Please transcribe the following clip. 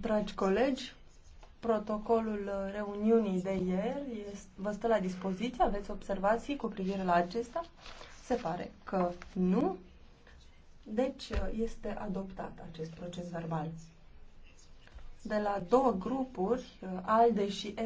Dragi colegi, protocolul uh, reuniunii de ieri vă stă la dispoziție, aveți observații cu privire la acesta? Se pare că nu. Deci uh, este adoptat acest proces verbal. De la două grupuri, uh, ALDE și